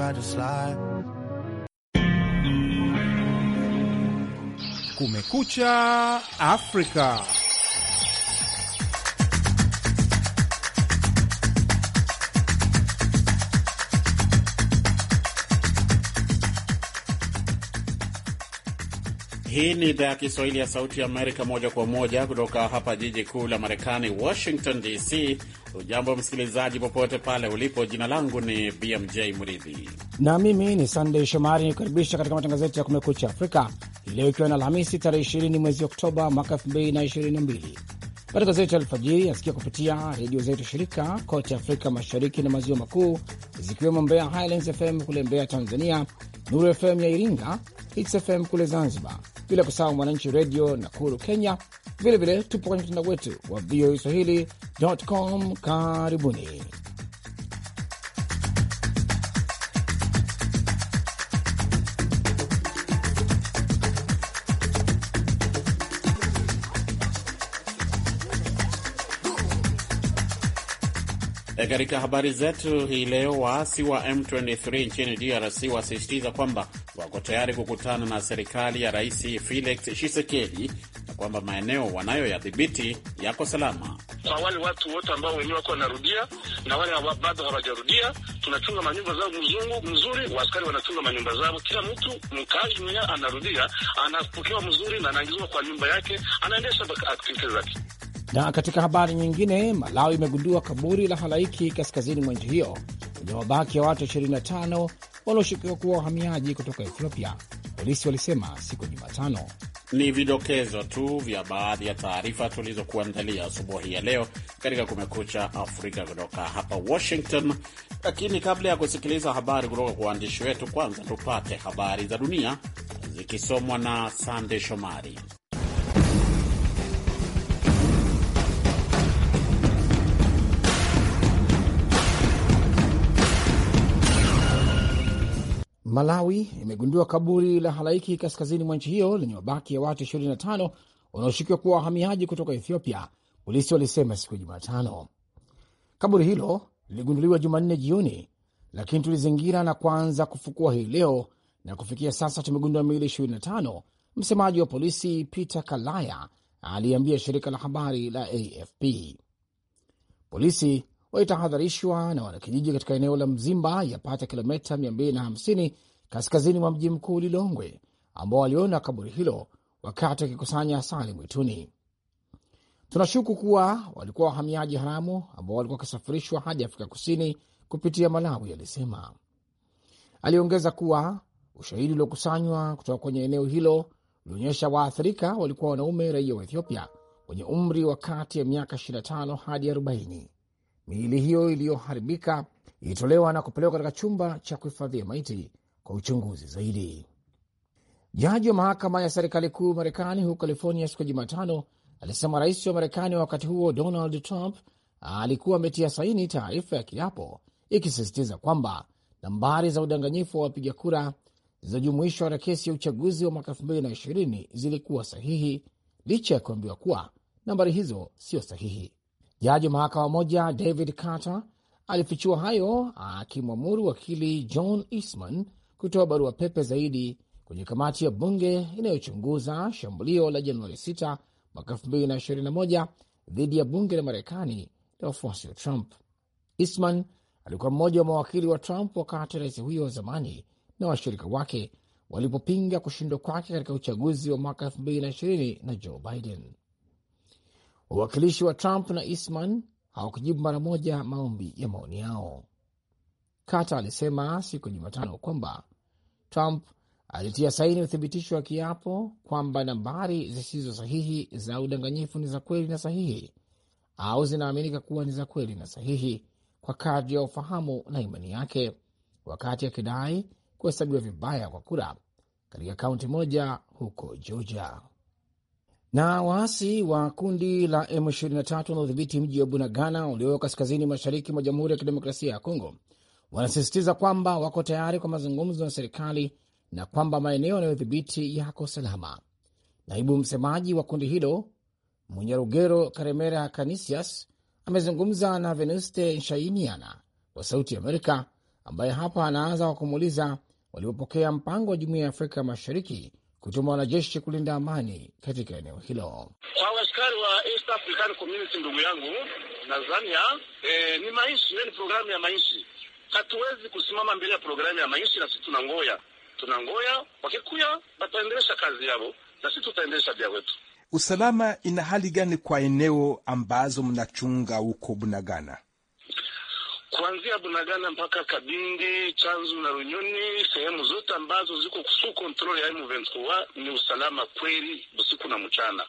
anybody slide. Kumekucha Afrika. Hii ni idhaa ya Kiswahili ya Sauti ya Amerika, moja kwa moja kutoka hapa jiji kuu la Marekani, Washington DC. Ujambo msikilizaji, popote pale ulipo. Jina langu ni BMJ Mridhi na mimi ni Sandey Shomari, nikukaribisha katika matangazo yetu ya Kumekucha Afrika iliyo leo, ikiwa na Alhamisi tarehe 20 mwezi Oktoba mwaka 2022. Matangazo yetu ya alfajiri yasikia kupitia redio zetu shirika kote Afrika Mashariki na Maziwa Makuu, zikiwemo Mbeya Highlands FM kule Mbeya, Tanzania, Nuru FM ya Iringa, Hits FM kule Zanzibar, bila kusahau Mwananchi Redio Nakuru, Kenya. Vilevile tupo kwenye mtandao wetu wa VOA Swahili.com. Karibuni. E, katika habari zetu hii leo, waasi wa M23 nchini DRC wasisitiza kwamba wako tayari kukutana na serikali ya Rais Felix Tshisekedi na kwamba maeneo wanayoyadhibiti yako salama. Kwa wale watu wote ambao wenyewe wako wanarudia na wale bado hawajarudia, tunachunga manyumba zao mzungu mzuri, waaskari wanachunga manyumba zao. Kila mtu mkaaji mwenyewe anarudia, anapokewa mzuri na anaingizwa kwa nyumba yake, anaendesha aktiviti zake. Na katika habari nyingine, Malawi imegundua kaburi la halaiki kaskazini mwa nchi hiyo lenye mabaki ya watu 25 walioshukiwa kuwa wahamiaji kutoka Ethiopia, polisi walisema siku ya Jumatano. Ni vidokezo tu vya baadhi ya taarifa tulizokuandalia asubuhi ya leo katika Kumekucha Afrika kutoka hapa Washington. Lakini kabla ya kusikiliza habari kutoka kwa waandishi wetu, kwanza tupate habari za dunia zikisomwa na Sande Shomari. Malawi imegundua kaburi la halaiki kaskazini mwa nchi hiyo lenye mabaki ya watu 25 wanaoshukiwa kuwa wahamiaji kutoka Ethiopia, polisi walisema siku ya Jumatano. Kaburi hilo liligunduliwa Jumanne jioni, lakini tulizingira na kuanza kufukua hii leo na kufikia sasa tumegundua miili 25, msemaji wa polisi Peter Kalaya aliambia shirika la habari la AFP. Polisi walitahadharishwa na wanakijiji katika eneo la Mzimba yapata kilomita 250 kaskazini mwa mji mkuu Lilongwe, ambao waliona kaburi hilo wakati wakikusanya asali mwituni. Tunashuku kuwa walikuwa wahamiaji haramu ambao walikuwa wakisafirishwa hadi Afrika Kusini kupitia Malawi, alisema. Aliongeza kuwa ushahidi uliokusanywa kutoka kwenye eneo hilo ulionyesha waathirika walikuwa wanaume raia wa Ethiopia wenye umri wa kati ya miaka 25 hadi Miili hiyo iliyoharibika ilitolewa na kupelekwa katika chumba cha kuhifadhia maiti kwa uchunguzi zaidi. Jaji wa mahakama ya serikali kuu Marekani huko California siku ya Jumatano alisema rais wa Marekani wa wakati huo Donald Trump alikuwa ametia saini taarifa ya kiapo ikisisitiza kwamba nambari za udanganyifu wa wapiga kura zilizojumuishwa na kesi ya uchaguzi wa mwaka ishirini zilikuwa sahihi licha ya kuambiwa kuwa nambari hizo sio sahihi. Jaji wa mahakama moja David Carter alifichua hayo akimwamuru wakili John Eastman kutoa barua pepe zaidi kwenye kamati ya bunge inayochunguza shambulio la Januari 6 mwaka 2021 dhidi ya bunge la Marekani la wafuasi wa Trump. Eastman alikuwa mmoja wa mawakili wa Trump wakati rais huyo wa zamani na washirika wake walipopinga kushindwa kwake katika uchaguzi wa mwaka 2020 na Joe Biden. Wawakilishi wa Trump na Eastman hawakujibu mara moja maombi ya maoni yao. Carter alisema siku ya Jumatano kwamba Trump alitia saini uthibitisho wa kiapo kwamba nambari zisizo sahihi za udanganyifu ni za kweli na sahihi au zinaaminika kuwa ni za kweli na sahihi kwa kadri ya ufahamu na imani yake, wakati akidai ya kuhesabiwa vibaya kwa kura katika kaunti moja huko Georgia. Na waasi wa kundi la M23 wanaodhibiti mji wa Bunagana ulio kaskazini mashariki mwa Jamhuri ya Kidemokrasia ya Kongo wanasisitiza kwamba wako tayari kwa mazungumzo na serikali na kwamba maeneo yanayodhibiti yako salama. Naibu msemaji wa kundi hilo Munyarugero Karemera canisias amezungumza na Venuste shainiana wa Sauti ya Amerika, ambaye hapa anaanza kwa kumuuliza walipopokea mpango wa Jumuiya ya Afrika Mashariki kutuma wanajeshi kulinda amani katika eneo hilo. Kwa askari wa East African Community, ndugu yangu na Zania, e, ni maishi, ni programu ya maishi. Hatuwezi kusimama mbele ya programu ya maishi, na sisi tunangoya, tunangoya wakikuya, wataendelesha kazi yao na sisi tutaendelesha vya wetu. Usalama ina hali gani kwa eneo ambazo mnachunga huko Bunagana? kuanzia Bunagana mpaka Kabindi, Chanzu na Runyoni, sehemu zote ambazo ziko su kontrol ya M23 ni usalama kweli, usiku na mchana.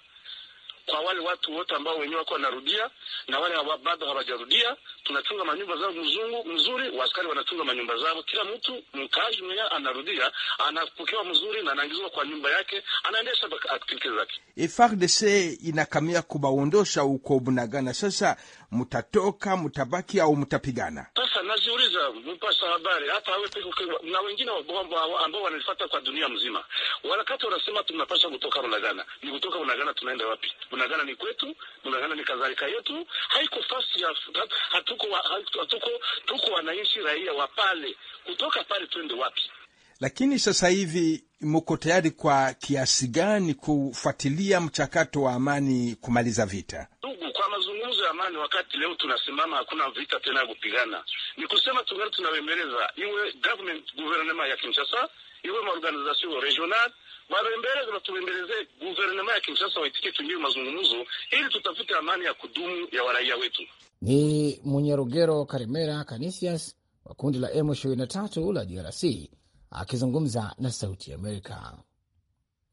Kwa wale watu wote ambao wenyewe wako wanarudia na wale bado hawajarudia, tunachunga manyumba zao mzungu mzuri, waskari wanachunga manyumba zao. Kila mtu mkaaji mwenye anarudia anapokewa mzuri na anaingizwa kwa nyumba yake, anaendesha activities zake. FARDC inakamia kubaondosha uko Bunagana. Sasa mtatoka, mtabaki au mtapigana? Sasa naziuliza mpasa habari, hata awe na wengine ambao wanaifata kwa dunia mzima, wakati wanasema tunapasha kutoka Bunagana, ni kutoka Bunagana tunaenda wapi? Bunagana ni kwetu, Bunagana ni kadhalika yetu, haiko fasi ya hatuko, hatuko, tuko wananchi raia wa pale, kutoka pale twende wapi? Lakini sasa hivi muko tayari kwa kiasi gani kufuatilia mchakato wa amani kumaliza vita? Ndugu, kwa mazungumzo ya amani, wakati leo tunasimama, hakuna vita tena ya kupigana. Ni kusema tungali tunawembeleza iwe government guvernema ya Kinshasa, iwe maorganizasio regional wabembeleze watubembeleze guvernema ya Kinshasa waitike tuingie mazungumzo ili tutafute amani ya kudumu ya waraia wetu. Ni Munyerugero Karimera Canisius wa kundi la M23 la DRC akizungumza na Sauti Amerika.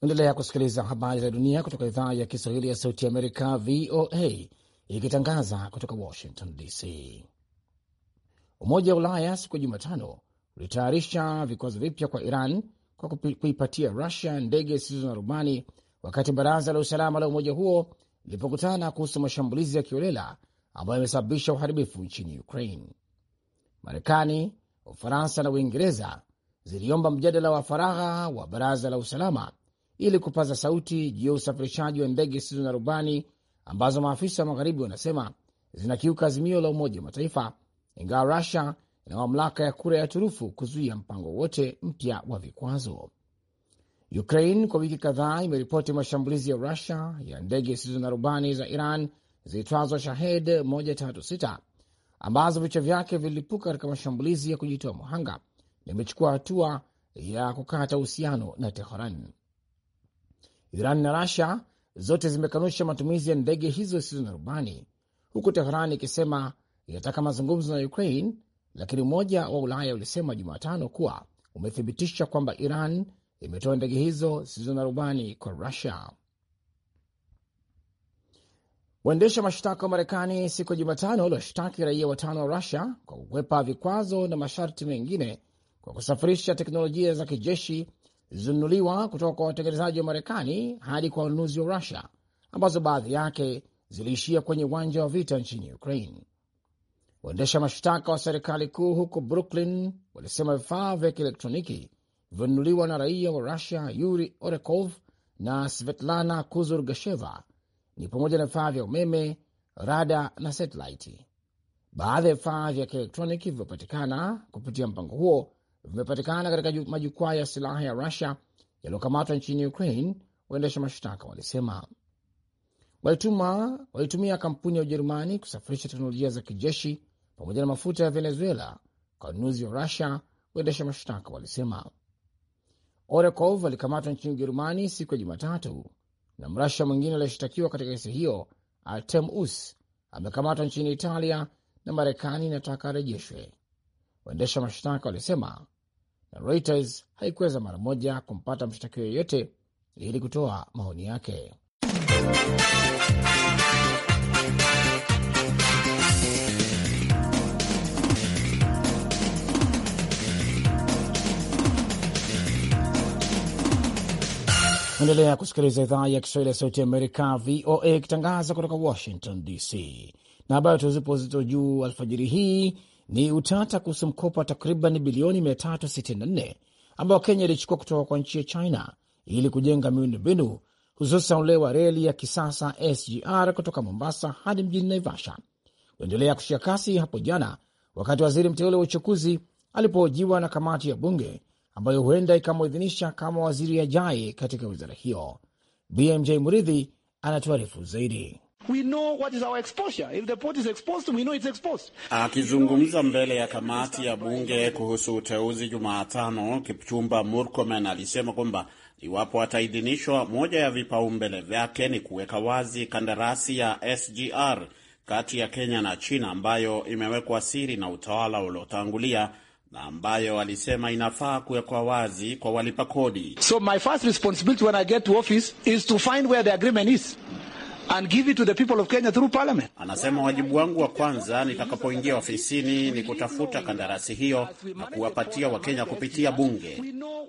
Endelea kusikiliza habari za dunia kutoka idhaa ya Kiswahili ya Sauti ya Amerika, VOA, ikitangaza kutoka Washington DC. Umoja wa Ulaya siku ya Jumatano ulitayarisha vikwazo vipya kwa Iran kwa kuipatia Rusia ndege zisizo na rubani, wakati baraza la usalama la umoja huo lilipokutana kuhusu mashambulizi ya kiolela ambayo yamesababisha uharibifu nchini Ukraine. Marekani, Ufaransa na Uingereza ziliomba mjadala wa faragha wa Baraza la Usalama ili kupaza sauti juu ya usafirishaji wa ndege zisizo na rubani ambazo maafisa wa magharibi wanasema zinakiuka azimio la Umoja wa Mataifa, ingawa Rusia ina mamlaka ya kura ya turufu kuzuia mpango wote mpya wa vikwazo. Ukraine kwa wiki kadhaa imeripoti mashambulizi ya Rusia ya ndege zisizo na rubani za Iran zilitwazwa Shahed 136 ambazo vichwa vyake vililipuka katika mashambulizi ya kujitoa muhanga limechukua hatua ya kukata uhusiano na Teheran. Iran na Rasia zote zimekanusha matumizi ya ndege hizo zisizo na rubani, huku Teheran ikisema inataka mazungumzo na Ukraine, lakini Umoja wa Ulaya ulisema Jumatano kuwa umethibitisha kwamba Iran imetoa ndege hizo zisizo na rubani kwa Rusia. Waendesha mashtaka wa Marekani siku ya Jumatano waliwashtaki raia watano wa Rusia kwa kukwepa vikwazo na masharti mengine kwa kusafirisha teknolojia za kijeshi zilizonunuliwa kutoka kwa watengenezaji wa Marekani hadi kwa wanunuzi wa Rusia, ambazo baadhi yake ziliishia kwenye uwanja wa vita nchini Ukraine. Waendesha mashtaka wa serikali kuu huko Brooklyn walisema vifaa vya kielektroniki vilivyonunuliwa na raia wa Rusia Yuri Orekov na Svetlana Kuzurgasheva ni pamoja na vifaa vya umeme, rada na satelaiti. Baadhi ya vifaa vya kielektroniki vilivyopatikana kupitia mpango huo vimepatikana katika majukwaa ya silaha ya Rusia yaliyokamatwa nchini Ukraine, waendesha mashtaka walisema. Walituma, walitumia kampuni ya Ujerumani kusafirisha teknolojia za kijeshi pamoja na mafuta ya Venezuela kwa wanunuzi wa Rusia, waendesha mashtaka walisema. Orekov alikamatwa nchini Ujerumani siku ya Jumatatu na Mrasha mwingine aliyeshitakiwa katika kesi hiyo Artem Us amekamatwa nchini Italia na Marekani inataka arejeshwe. Waendesha mashtaka walisema na Reuters haikuweza mara moja kumpata mshtakiwa yeyote ili kutoa maoni yake. Endelea kusikiliza idhaa ya Kiswahili ya Sauti ya Amerika, VOA, ikitangaza kutoka Washington DC na habari tuzipo uzito juu alfajiri hii ni utata kuhusu mkopo wa takriban bilioni 364 ambao Kenya ilichukua kutoka kwa nchi ya China ili kujenga miundombinu hususan ule wa reli ya kisasa SGR kutoka Mombasa hadi mjini Naivasha kuendelea kushika kasi hapo jana, wakati waziri mteule wa uchukuzi alipohojiwa na kamati ya bunge ambayo huenda ikamwidhinisha kama waziri ajaye katika wizara hiyo. BMJ Muridhi anatuarifu zaidi. Akizungumza mbele ya kamati ya bunge kuhusu uteuzi Jumatano, Kipchumba Murkomen alisema kwamba iwapo ataidhinishwa, moja ya vipaumbele vyake ni kuweka wazi kandarasi ya SGR kati ya Kenya na China ambayo imewekwa siri na utawala uliotangulia na ambayo alisema inafaa kuwekwa wazi kwa walipa kodi. So my first responsibility when I get to office is to find where the agreement is and give it to the people of Kenya through parliament. Anasema wajibu wangu wa kwanza nitakapoingia ofisini ni kutafuta kandarasi hiyo na kuwapatia Wakenya kupitia bunge.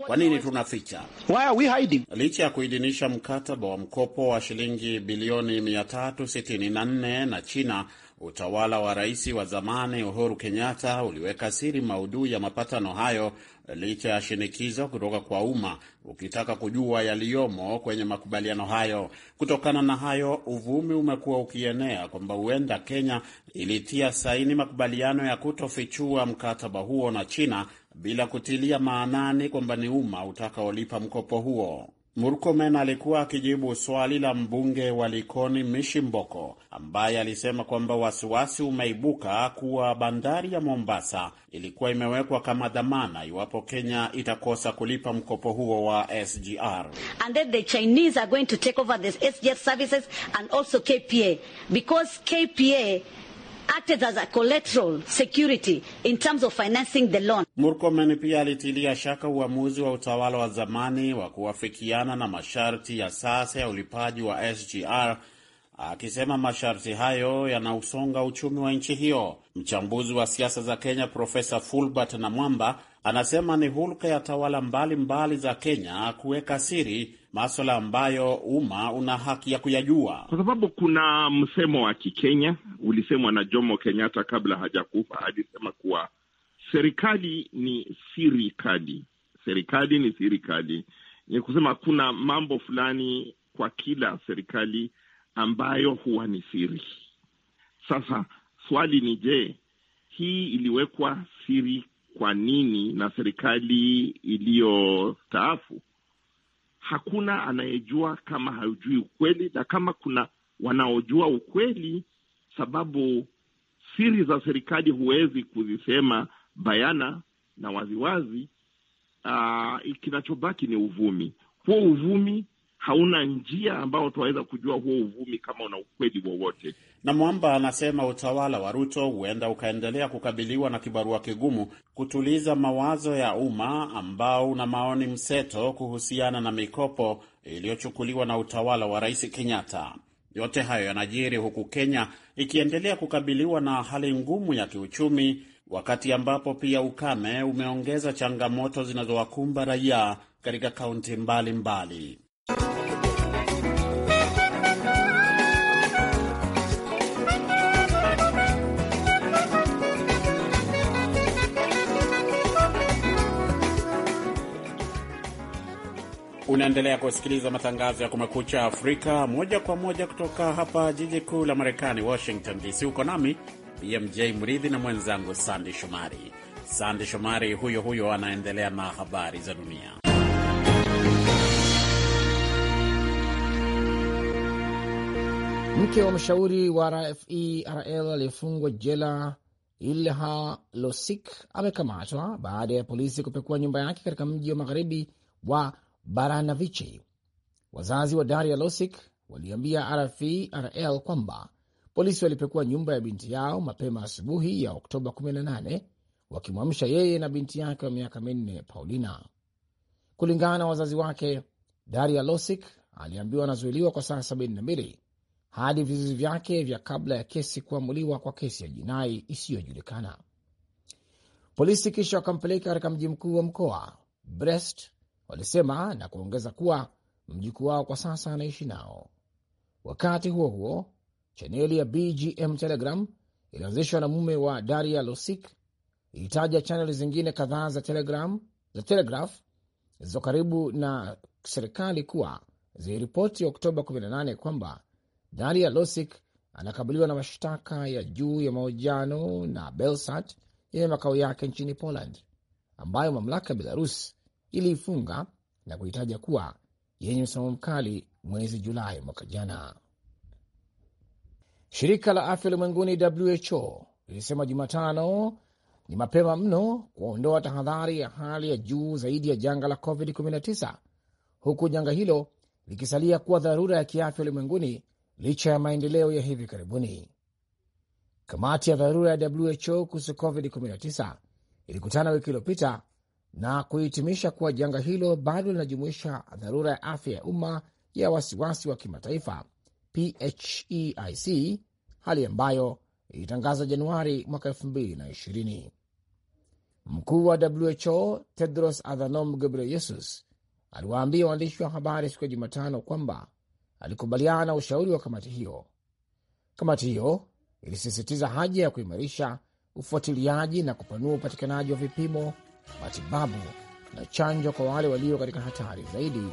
Kwa nini tunaficha? Why are we hiding? Licha ya kuidhinisha mkataba wa mkopo wa shilingi bilioni 364 na China Utawala wa rais wa zamani Uhuru Kenyatta uliweka siri maudhui ya mapatano hayo licha ya shinikizo kutoka kwa umma ukitaka kujua yaliyomo kwenye makubaliano hayo. Kutokana na hayo, uvumi umekuwa ukienea kwamba huenda Kenya ilitia saini makubaliano ya kutofichua mkataba huo na China bila kutilia maanani kwamba ni umma utakaolipa mkopo huo. Murkomen alikuwa akijibu swali la mbunge wa Likoni mishimboko ambaye alisema kwamba wasiwasi umeibuka kuwa bandari ya Mombasa ilikuwa imewekwa kama dhamana iwapo Kenya itakosa kulipa mkopo huo wa SGR. KPA acted as a collateral security in terms of financing the loan. Murkomen pia alitilia shaka uamuzi wa utawala wa zamani wa kuafikiana na masharti ya sasa ya ulipaji wa SGR akisema masharti hayo yanausonga uchumi wa nchi hiyo. Mchambuzi wa siasa za Kenya Profesa Fulbert Namwamba anasema ni hulka ya tawala mbalimbali mbali za Kenya kuweka siri maswala ambayo umma una haki ya kuyajua, kwa sababu kuna msemo wa Kikenya ulisemwa na Jomo Kenyatta kabla hajakufa. Alisema kuwa serikali ni sirikali serikali ni sirikali ni kusema kuna mambo fulani kwa kila serikali ambayo huwa ni siri. Sasa swali ni je, hii iliwekwa siri kwa nini na serikali iliyostaafu hakuna anayejua kama haujui ukweli, na kama kuna wanaojua ukweli, sababu siri za serikali huwezi kuzisema bayana na waziwazi. Uh, kinachobaki ni uvumi. Huo uvumi hauna njia ambao tunaweza kujua huo uvumi kama una ukweli wowote na Mwamba anasema utawala wa Ruto huenda ukaendelea kukabiliwa na kibarua kigumu kutuliza mawazo ya umma ambao una maoni mseto kuhusiana na mikopo iliyochukuliwa na utawala wa Rais Kenyatta. Yote hayo yanajiri huku Kenya ikiendelea kukabiliwa na hali ngumu ya kiuchumi, wakati ambapo pia ukame umeongeza changamoto zinazowakumba raia katika kaunti mbalimbali. Unaendelea kusikiliza matangazo ya Kumekucha Afrika moja kwa moja kutoka hapa jiji kuu la Marekani, Washington DC. Uko nami BMJ Mridhi na mwenzangu Sandi Shomari. Sandi Shomari huyo huyo anaendelea na habari za dunia. Mke wa mshauri wa RFERL aliyefungwa jela Ilha Losik amekamatwa baada ya polisi kupekua nyumba yake katika mji wa magharibi wa Baranavichi. Wazazi wa Daria Losik waliambia RFI/RL kwamba polisi walipekua nyumba ya binti yao mapema asubuhi ya Oktoba 18 wakimwamsha yeye na binti yake wa miaka minne Paulina. Kulingana na wazazi wake, Daria Losik aliambiwa anazuiliwa kwa saa 72 hadi vizuizi vyake vya kabla ya kesi kuamuliwa kwa kesi ya jinai isiyojulikana. Polisi kisha wakampeleka katika mji mkuu wa mkoa Brest walisema na kuongeza kuwa mjukuu wao kwa sasa anaishi nao. Wakati huo huo, chaneli ya BGM Telegram ilianzishwa na mume wa Daria Losik ilitaja chaneli zingine kadhaa za Telegram za Telegraph zilizo karibu na serikali kuwa ziliripoti Oktoba 18 kwamba Daria Losik anakabiliwa na mashtaka ya juu ya mahojiano na Belsat yenye makao yake nchini Poland, ambayo mamlaka ya Belarus iliifunga na kuitaja kuwa yenye msimamo mkali mwezi Julai mwaka jana. Shirika la afya ulimwenguni WHO lilisema Jumatano ni mapema mno kuondoa tahadhari ya hali ya juu zaidi ya janga la COVID-19 huku janga hilo likisalia kuwa dharura ya kiafya ulimwenguni licha ya maendeleo ya hivi karibuni. Kamati ya dharura ya WHO kuhusu COVID-19 ilikutana wiki iliyopita na kuhitimisha kuwa janga hilo bado linajumuisha dharura ya afya ya umma ya wasiwasi wa kimataifa PHEIC, hali ambayo ilitangaza Januari mwaka 2020. Mkuu wa WHO Tedros Adhanom Ghebreyesus aliwaambia waandishi wa habari siku ya Jumatano kwamba alikubaliana na ushauri wa kamati hiyo. Kamati hiyo ilisisitiza haja ya kuimarisha ufuatiliaji na kupanua upatikanaji wa vipimo matibabu na chanjo kwa wale walio katika hatari zaidi,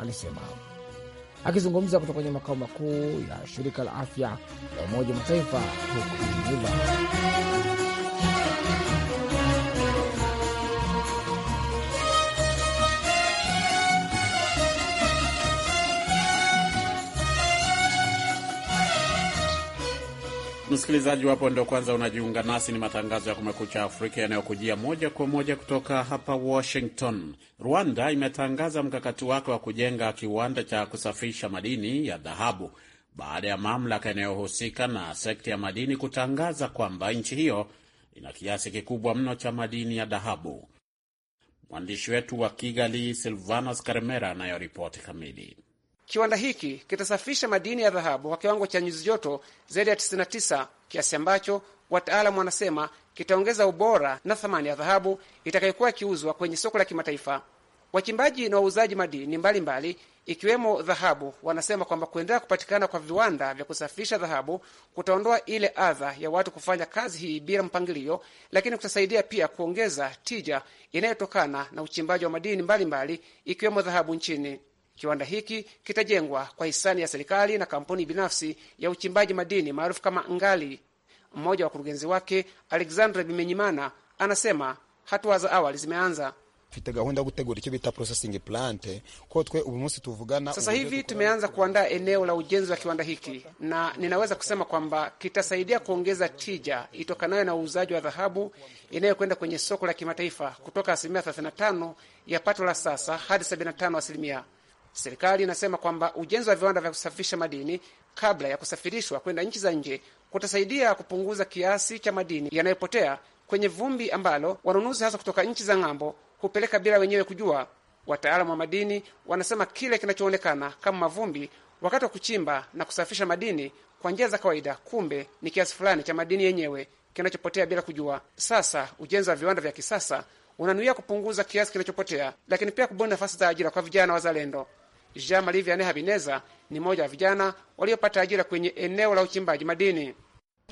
alisema akizungumza kutoka kwenye makao makuu ya shirika la afya la Umoja wa Mataifa huko Geneva. Msikilizaji wapo ndo kwanza unajiunga nasi, ni matangazo ya Kumekucha Afrika yanayokujia moja kwa moja kutoka hapa Washington. Rwanda imetangaza mkakati wake wa kujenga kiwanda cha kusafisha madini ya dhahabu baada ya mamlaka yanayohusika na sekta ya madini kutangaza kwamba nchi hiyo ina kiasi kikubwa mno cha madini ya dhahabu. Mwandishi wetu wa Kigali, Silvanos Karemera, anayoripoti kamili. Kiwanda hiki kitasafisha madini ya dhahabu kwa kiwango cha nyuzi joto zaidi ya 99 kiasi ambacho wataalam wanasema kitaongeza ubora na thamani ya dhahabu itakayokuwa ikiuzwa kwenye soko la kimataifa. Wachimbaji na wauzaji madini mbalimbali mbali, ikiwemo dhahabu wanasema kwamba kuendelea kupatikana kwa viwanda vya kusafisha dhahabu kutaondoa ile adha ya watu kufanya kazi hii bila mpangilio, lakini kutasaidia pia kuongeza tija inayotokana na uchimbaji wa madini mbalimbali mbali, ikiwemo dhahabu nchini. Kiwanda hiki kitajengwa kwa hisani ya serikali na kampuni binafsi ya uchimbaji madini maarufu kama Ngali. Mmoja wa wakurugenzi wake Alexandre Bimenyimana anasema hatua za awali zimeanza. Sasa hivi tumeanza kuandaa eneo la ujenzi wa kiwanda hiki, na ninaweza kusema kwamba kitasaidia kuongeza tija itokanayo na uuzaji wa dhahabu inayokwenda kwenye soko la kimataifa kutoka asilimia 35 ya pato la sasa hadi 75 asilimia Serikali inasema kwamba ujenzi wa viwanda vya kusafisha madini kabla ya kusafirishwa kwenda nchi za nje kutasaidia kupunguza kiasi cha madini yanayopotea kwenye vumbi ambalo wanunuzi hasa kutoka nchi za ng'ambo hupeleka bila wenyewe kujua. Wataalamu wa madini wanasema kile kinachoonekana kama mavumbi wakati wa kuchimba na kusafisha madini kwa njia za kawaida, kumbe ni kiasi fulani cha madini yenyewe kinachopotea bila kujua. Sasa ujenzi wa viwanda vya kisasa unanuia kupunguza kiasi kinachopotea, lakini pia kubuni nafasi za ajira kwa vijana wazalendo. Jean Marie Vianney Habineza ni mmoja wa vijana waliopata ajira kwenye eneo la uchimbaji madini.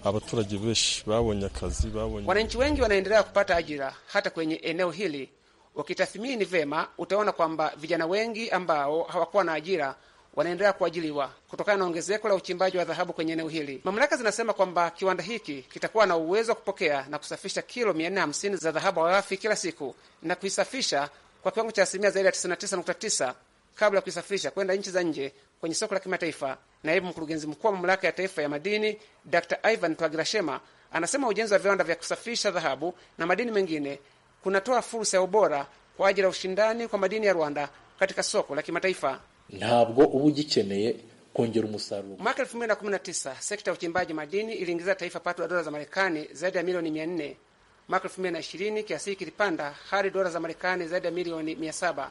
abaturage benshi babonye akazi babonye. Wananchi wengi wanaendelea kupata ajira hata kwenye eneo hili. Ukitathimini vema, utaona kwamba vijana wengi ambao hawakuwa na ajira wanaendelea kuajiliwa kutokana na ongezeko la uchimbaji wa dhahabu kwenye eneo hili. Mamlaka zinasema kwamba kiwanda hiki kitakuwa na uwezo wa kupokea na kusafisha kilo 450 za dhahabu ghafi kila siku na kuisafisha kwa kiwango cha asilimia zaidi ya 99.9 kabla ya kuisafirisha kwenda nchi za nje kwenye soko la kimataifa. Naibu mkurugenzi mkuu wa mamlaka ya taifa ya madini Dr Ivan Twagirashema anasema ujenzi wa viwanda vya kusafisha dhahabu na madini mengine kunatoa fursa ya ubora kwa ajili ya ushindani kwa madini ya Rwanda katika soko la kimataifa ntabwo uba ugikeneye kongera umusaruro. Mwaka elfu mbili na kumi na tisa sekta ya uchimbaji madini iliingiza taifa pato la dola za Marekani zaidi ya milioni mia nne. Mwaka elfu mbili na ishirini kiasi hiki kilipanda hadi dola za Marekani zaidi ya milioni mia saba,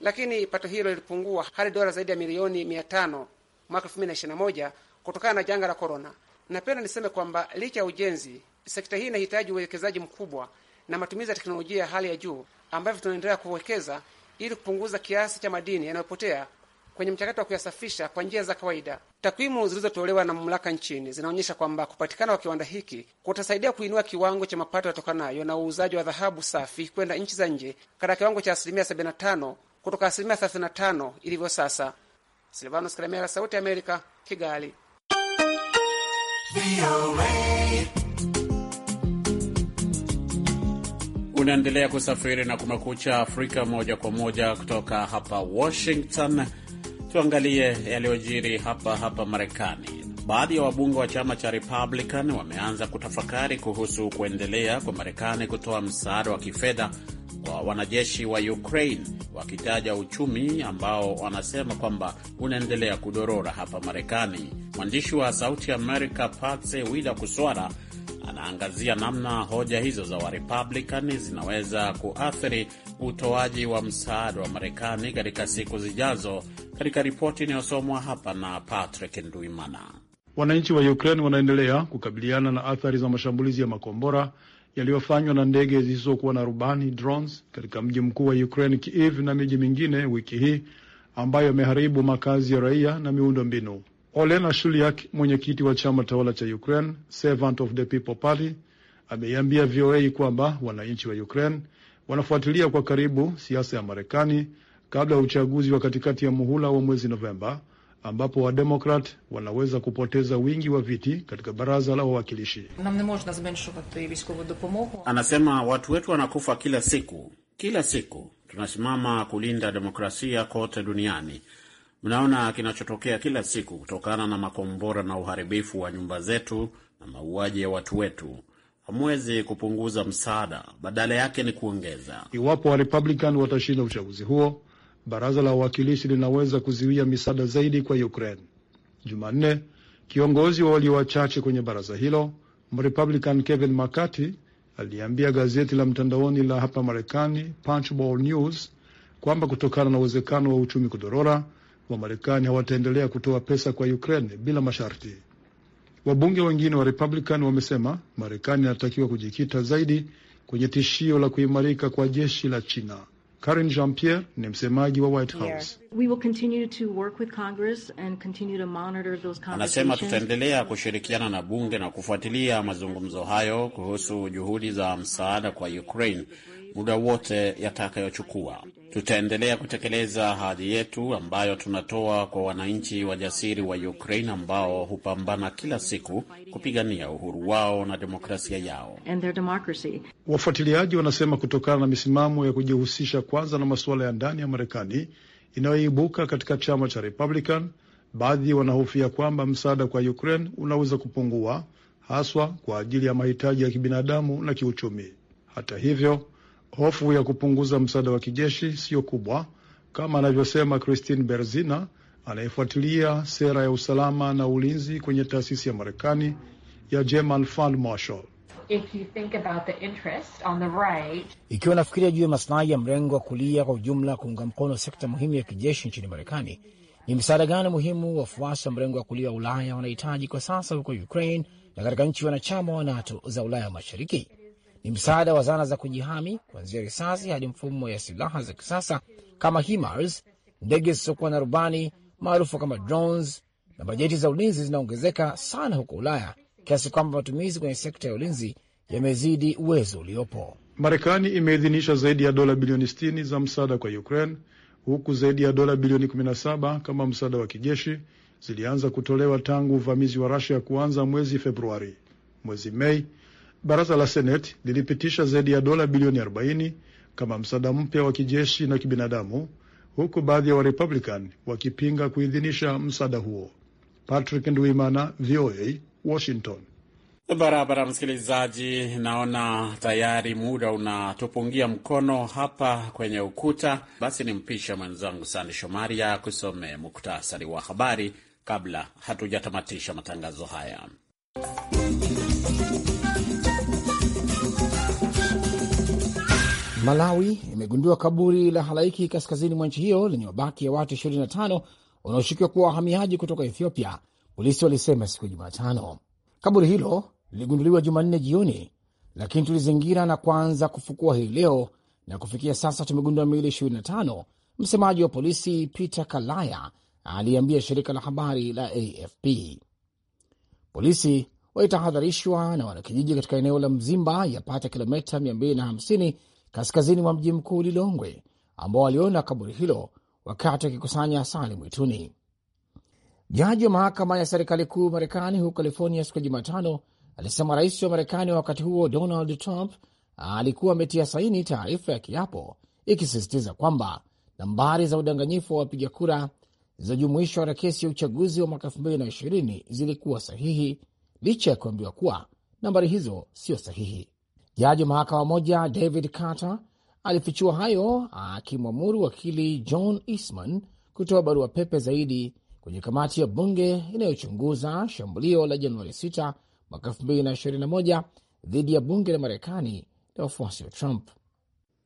lakini pato hilo lilipungua hadi dola zaidi ya milioni mia tano mwaka elfu mbili na ishirini na moja kutokana na janga la korona. Napenda niseme kwamba licha ya ujenzi, sekta hii inahitaji uwekezaji mkubwa na matumizi ya teknolojia ya hali ya juu ambavyo tunaendelea kuwekeza ili kupunguza kiasi cha madini yanayopotea kwenye mchakato wa kuyasafisha kwa njia za kawaida. Takwimu zilizotolewa na mamlaka nchini zinaonyesha kwamba kupatikana kwa kiwanda hiki kutasaidia kuinua kiwango cha mapato yatokanayo na uuzaji wa dhahabu safi kwenda nchi za nje katika kiwango cha asilimia 75 kutoka asilimia 35 ilivyo sasa. Silvanos Kalemera, Sauti ya Amerika, Kigali. Unaendelea kusafiri na Kumekucha Afrika moja kwa moja kutoka hapa Washington Tuangalie yaliyojiri hapa hapa Marekani. Baadhi ya wabunge wa chama cha Republican wameanza kutafakari kuhusu kuendelea kwa Marekani kutoa msaada wa kifedha kwa wanajeshi wa Ukraine, wakitaja uchumi ambao wanasema kwamba unaendelea kudorora hapa Marekani. Mwandishi wa Sauti Amerika Patse Wida Kuswara anaangazia namna hoja hizo za Warepublican zinaweza kuathiri utoaji wa msaada wa Marekani katika siku zijazo, katika ripoti inayosomwa hapa na Patrick Nduimana. Wananchi wa Ukraine wanaendelea kukabiliana na athari za mashambulizi ya makombora yaliyofanywa na ndege zisizokuwa na rubani drones, katika mji mkuu wa Ukraine Kiev na miji mingine wiki hii ambayo yameharibu makazi ya raia na miundo mbinu. Olena Shuliak, mwenyekiti wa chama tawala cha Ukraine Servant of the People Party, ameiambia VOA kwamba wananchi wa Ukraine wanafuatilia kwa karibu siasa ya Marekani kabla ya uchaguzi wa katikati ya muhula wa mwezi Novemba ambapo Wademokrat wanaweza kupoteza wingi wa viti katika baraza la wawakilishi. Anasema watu wetu wanakufa kila siku, kila siku tunasimama kulinda demokrasia kote duniani Mnaona kinachotokea kila siku kutokana na makombora na uharibifu wa nyumba zetu na mauaji ya watu wetu. Hamwezi kupunguza msaada, badala yake ni kuongeza. Iwapo Warepublican watashinda uchaguzi huo, baraza la wawakilishi linaweza kuziwia misaada zaidi kwa Ukraine. Jumanne, kiongozi wa walio wachache kwenye baraza hilo Mrepublican Kevin McCarthy aliambia gazeti la mtandaoni la hapa Marekani Punchbowl News kwamba kutokana na uwezekano wa uchumi kudorora Wamarekani hawataendelea kutoa pesa kwa Ukraine bila masharti. Wabunge wengine wa Republican wamesema Marekani anatakiwa kujikita zaidi kwenye tishio la kuimarika kwa jeshi la China. Karin Jean Pierre ni msemaji wa White House. Anasema tutaendelea kushirikiana na bunge na kufuatilia mazungumzo hayo kuhusu juhudi za msaada kwa Ukraine muda wote yatakayochukua. Tutaendelea kutekeleza ahadi yetu ambayo tunatoa kwa wananchi wajasiri wa Ukraine ambao hupambana kila siku kupigania uhuru wao na demokrasia yao. Wafuatiliaji wanasema kutokana na misimamo ya kujihusisha kwanza na masuala ya ndani ya Marekani inayoibuka katika chama cha Republican, baadhi wanahofia kwamba msaada kwa Ukraine unaweza kupungua haswa kwa ajili ya mahitaji ya kibinadamu na kiuchumi. Hata hivyo Hofu ya kupunguza msaada wa kijeshi siyo kubwa kama anavyosema Christine Berzina anayefuatilia sera ya usalama na ulinzi kwenye taasisi ya Marekani ya German Fund Marshall. Right... ikiwa nafikiria juu ya masilahi ya mrengo wa kulia kwa ujumla, kuunga mkono sekta muhimu ya kijeshi nchini Marekani, ni msaada gani muhimu wafuasi wa mrengo wa kulia wa Ulaya wanahitaji kwa sasa huko Ukraine na katika nchi wanachama wa NATO za Ulaya Mashariki? ni msaada wa zana za kujihami kuanzia risasi hadi mfumo ya silaha za kisasa kama HIMARS, ndege zisizokuwa na rubani maarufu kama drones, na bajeti za ulinzi zinaongezeka sana huko Ulaya kiasi kwamba matumizi kwenye sekta ya ulinzi yamezidi uwezo uliopo. Marekani imeidhinisha zaidi ya dola bilioni 60 za msaada kwa Ukraine, huku zaidi ya dola bilioni 17 kama msaada wa kijeshi zilianza kutolewa tangu uvamizi wa rasia kuanza mwezi Februari. Mwezi Mei Baraza la Seneti lilipitisha zaidi ya dola bilioni 40 kama msaada mpya wa kijeshi na kibinadamu, huku baadhi ya Warepublican wakipinga kuidhinisha msaada huo. Patrick Ndwimana, VOA, Washington. Barabara msikilizaji, naona tayari muda unatupungia mkono hapa kwenye ukuta. Basi nimpishe mwenzangu Sande Shomari ya muktasari wa habari kabla hatujatamatisha matangazo haya. Malawi imegundua kaburi la halaiki kaskazini mwa nchi hiyo lenye mabaki ya watu 25 wanaoshukiwa kuwa wahamiaji kutoka Ethiopia, polisi walisema siku ya Jumatano. Kaburi hilo liligunduliwa Jumanne jioni, lakini tulizingira na kuanza kufukua hii leo na kufikia sasa tumegundua miili 25, msemaji wa polisi Peter Kalaya aliambia shirika la habari la AFP. Polisi walitahadharishwa na wanakijiji katika eneo la Mzimba yapata kilometa 250 kaskazini mwa mji mkuu Lilongwe, ambao waliona kaburi hilo wakati wakikusanya asali mwituni. Jaji wa mahakama ya serikali kuu Marekani huko California siku ya Jumatano alisema rais wa Marekani wa wakati huo Donald Trump alikuwa ametia saini taarifa ya kiapo ikisisitiza kwamba nambari za udanganyifu wa wapiga kura zilizojumuishwa katika kesi ya uchaguzi wa mwaka ishirini zilikuwa sahihi licha ya kuambiwa kuwa nambari hizo sio sahihi. Jaji wa mahakama moja David Carter alifichua hayo akimwamuru wakili John Eastman kutoa barua pepe zaidi kwenye kamati ya bunge inayochunguza shambulio la Januari 6 mwaka 2021 dhidi ya bunge la Marekani la wafuasi wa Trump.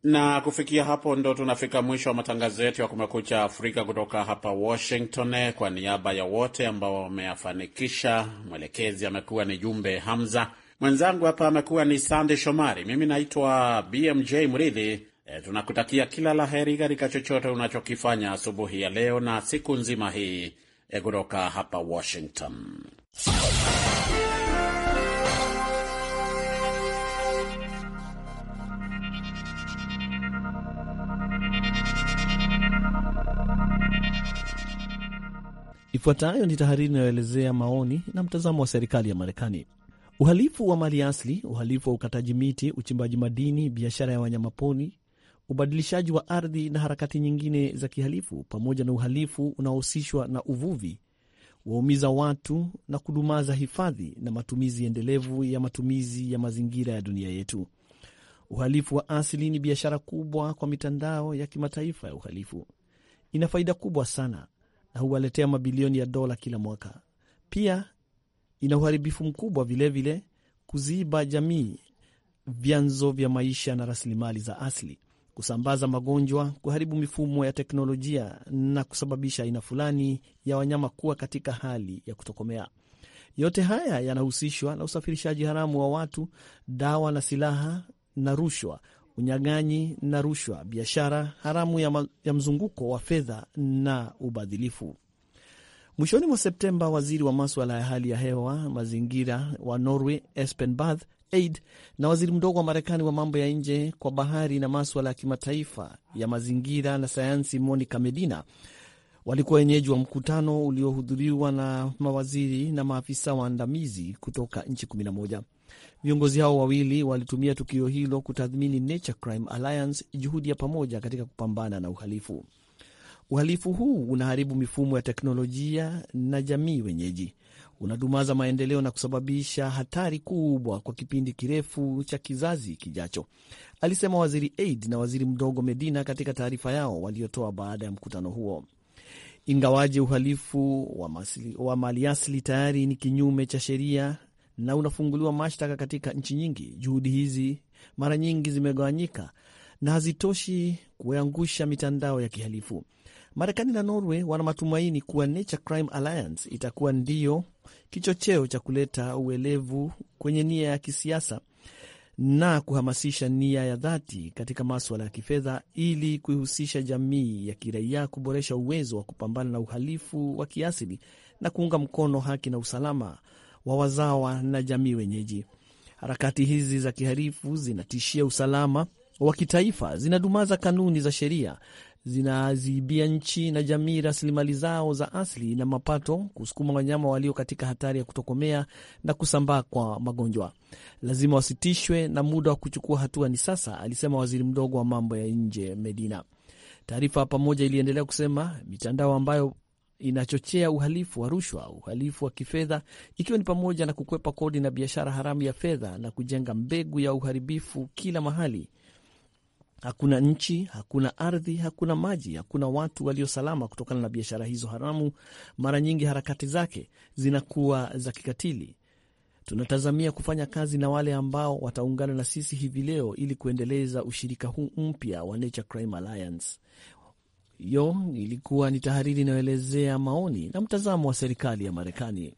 Na kufikia hapo ndo tunafika mwisho wa matangazo yetu ya Kumekucha Afrika kutoka hapa Washington. Kwa niaba ya wote ambao wameyafanikisha, mwelekezi amekuwa ni Jumbe Hamza. Mwenzangu hapa amekuwa ni Sande Shomari, mimi naitwa BMJ Mridhi. E, tunakutakia kila la heri katika chochote unachokifanya asubuhi ya leo na siku nzima hii eh, kutoka hapa Washington. Ifuatayo ni tahariri inayoelezea maoni na mtazamo wa serikali ya Marekani uhalifu wa mali asili, uhalifu wa ukataji miti, uchimbaji madini, biashara ya wanyamapori, ubadilishaji wa ardhi na harakati nyingine za kihalifu, pamoja na uhalifu unaohusishwa na uvuvi, waumiza watu na kudumaza hifadhi na matumizi endelevu ya matumizi ya mazingira ya dunia yetu. Uhalifu wa asili ni biashara kubwa kwa mitandao ya kimataifa ya uhalifu. Ina faida kubwa sana na huwaletea mabilioni ya dola kila mwaka. Pia ina uharibifu mkubwa vilevile vile, kuziiba jamii vyanzo vya maisha na rasilimali za asili, kusambaza magonjwa, kuharibu mifumo ya teknolojia na kusababisha aina fulani ya wanyama kuwa katika hali ya kutokomea. Yote haya yanahusishwa na usafirishaji haramu wa watu, dawa na silaha na rushwa, unyang'anyi na rushwa, biashara haramu ya, ma, ya mzunguko wa fedha na ubadhilifu. Mwishoni mwa Septemba, waziri wa maswala ya hali ya hewa mazingira wa Norway Espen Barth Aid na waziri mdogo wa Marekani wa mambo ya nje kwa bahari na maswala ya kimataifa ya mazingira na sayansi Monica Medina walikuwa wenyeji wa mkutano uliohudhuriwa na mawaziri na maafisa waandamizi kutoka nchi 11. Viongozi hao wawili walitumia tukio hilo kutathmini Nature Crime Alliance, juhudi ya pamoja katika kupambana na uhalifu. Uhalifu huu unaharibu mifumo ya teknolojia na jamii wenyeji, unadumaza maendeleo na kusababisha hatari kubwa kwa kipindi kirefu cha kizazi kijacho, alisema waziri Aid na waziri mdogo Medina katika taarifa yao waliotoa baada ya mkutano huo. Ingawaje uhalifu wa maliasili tayari ni kinyume cha sheria na unafunguliwa mashtaka katika nchi nyingi, juhudi hizi mara nyingi zimegawanyika na hazitoshi kuangusha mitandao ya kihalifu. Marekani na Norway wana matumaini kuwa Nature Crime Alliance itakuwa ndiyo kichocheo cha kuleta uelevu kwenye nia ya kisiasa na kuhamasisha nia ya dhati katika maswala ya kifedha ili kuihusisha jamii ya kiraia kuboresha uwezo wa kupambana na uhalifu wa kiasili na kuunga mkono haki na usalama wa wazawa na jamii wenyeji. Harakati hizi za kiharifu zinatishia usalama wa kitaifa, zinadumaza kanuni za sheria zinaziibia nchi na jamii rasilimali zao za asili na mapato, kusukuma wanyama walio katika hatari ya kutokomea na kusambaa kwa magonjwa. Lazima wasitishwe na muda wa kuchukua hatua ni sasa, alisema waziri mdogo wa mambo ya nje Medina. Taarifa pamoja iliendelea kusema mitandao ambayo inachochea uhalifu wa rushwa, uhalifu wa kifedha, ikiwa ni pamoja na kukwepa kodi na biashara haramu ya fedha na kujenga mbegu ya uharibifu kila mahali Hakuna nchi, hakuna ardhi, hakuna maji, hakuna watu waliosalama kutokana na biashara hizo haramu. Mara nyingi harakati zake zinakuwa za kikatili. Tunatazamia kufanya kazi na wale ambao wataungana na sisi hivi leo ili kuendeleza ushirika huu mpya wa Nature Crime Alliance. Hiyo ilikuwa ni tahariri inayoelezea maoni na mtazamo wa serikali ya Marekani.